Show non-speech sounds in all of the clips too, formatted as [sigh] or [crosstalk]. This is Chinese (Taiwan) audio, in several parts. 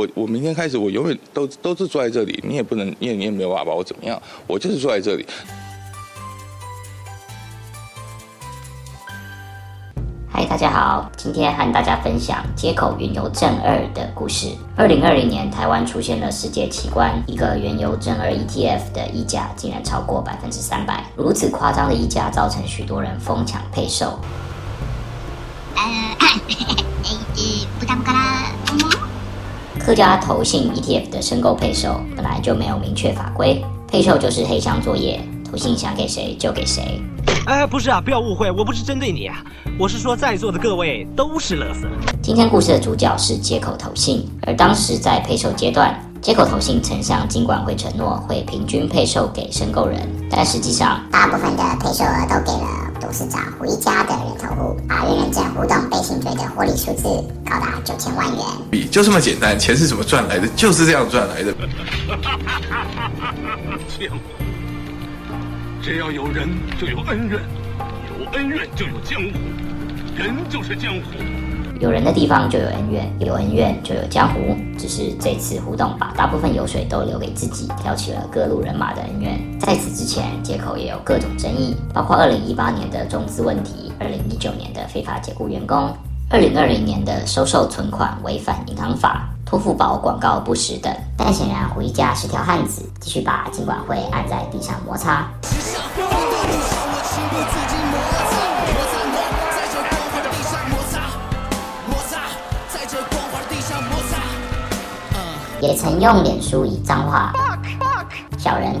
我我明天開始，我永遠都都是坐在這裡，你也不能，你也你也沒有辦法把我怎麼樣，我就是坐在這裡。嗨，大家好，今天和大家分享街口原油正二的故事。二零二零年，台灣出現了世界奇觀，一個原油正二 ETF 的溢價竟然超過百分之三百，如此誇張的溢價，造成許多人瘋搶配售。 [noise] [noise] [noise] 各家投信 ETF 的申購配售本來就沒有明確法規，配售就是黑箱作業，投信想給誰就給誰。哎，不是啊，不要誤會，我不是針對你啊，我是說在座的各位都是樂色。今天故事的主角是街口投信，而當時在配售階段，街口投信曾向金管會承諾會平均配售給申購人，但實際上大部分的配售額都給了。董事長胡亦嘉的人頭戶，二人認證互動被心追的獲利數字高達九千萬元。比就這麼簡單，錢是怎麼賺來的？就是這樣賺來的。江湖， [laughs] 只要有人就有恩怨，有恩怨就有江湖，人就是江湖。有人的地方就有恩怨，有恩怨就有江湖。只是這次互動把大部分油水都留給自己，挑起了各路人馬的恩怨。在此之前，街口也有各種爭議，包括二零一八年的增資問題，二零一九年的非法解僱員工，二零二零年的收受存款違反銀行法、託付寶廣告不實等。但顯然胡亦嘉是條漢子，繼續把金管會按在地上摩擦。也曾用臉書以髒話小人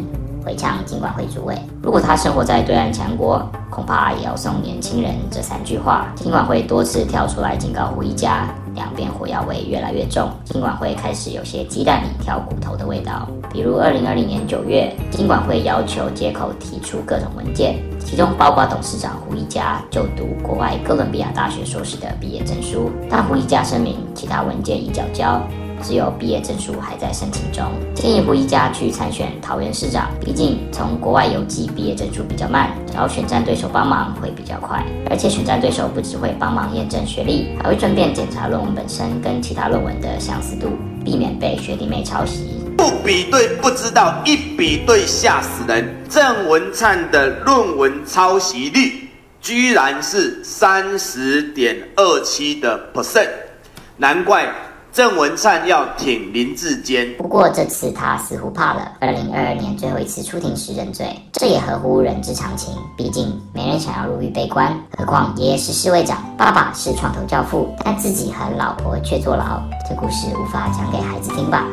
回嗆金管會主委。如果他生活在對岸強國，恐怕也要送年輕人這三句話。金管會多次跳出來警告胡亦嘉，兩邊火藥味越來越重。金管會開始有些雞蛋裡挑骨頭的味道，比如二零二零年九月，金管會要求街口提出各種文件，其中包括董事長胡亦嘉就讀國外哥倫比亞大學碩士的畢業證書。但胡亦嘉聲明，其他文件已繳交。只有畢業證書還在申請中。建議胡亦嘉去參選桃園市長。畢竟從國外郵寄畢業證書比較慢，找選戰對手幫忙會比較快。而且選戰對手不只會幫忙驗證學歷，還會順便檢查論文本身跟其他論文的相似度，避免被學弟妹抄襲。不比對不知道，一比對嚇死人。鄭文燦的論文抄襲率，居然是三十點二七的 percent，難怪。鄭文燦要挺林志堅，不過這次他似乎怕了。二零二二年最後一次出庭時認罪，這也合乎人之常情。畢竟沒人想要入獄被關，何況爺爺是侍衛長，爸爸是創投教父，但自己和老婆卻坐牢，這故事無法講給孩子聽吧。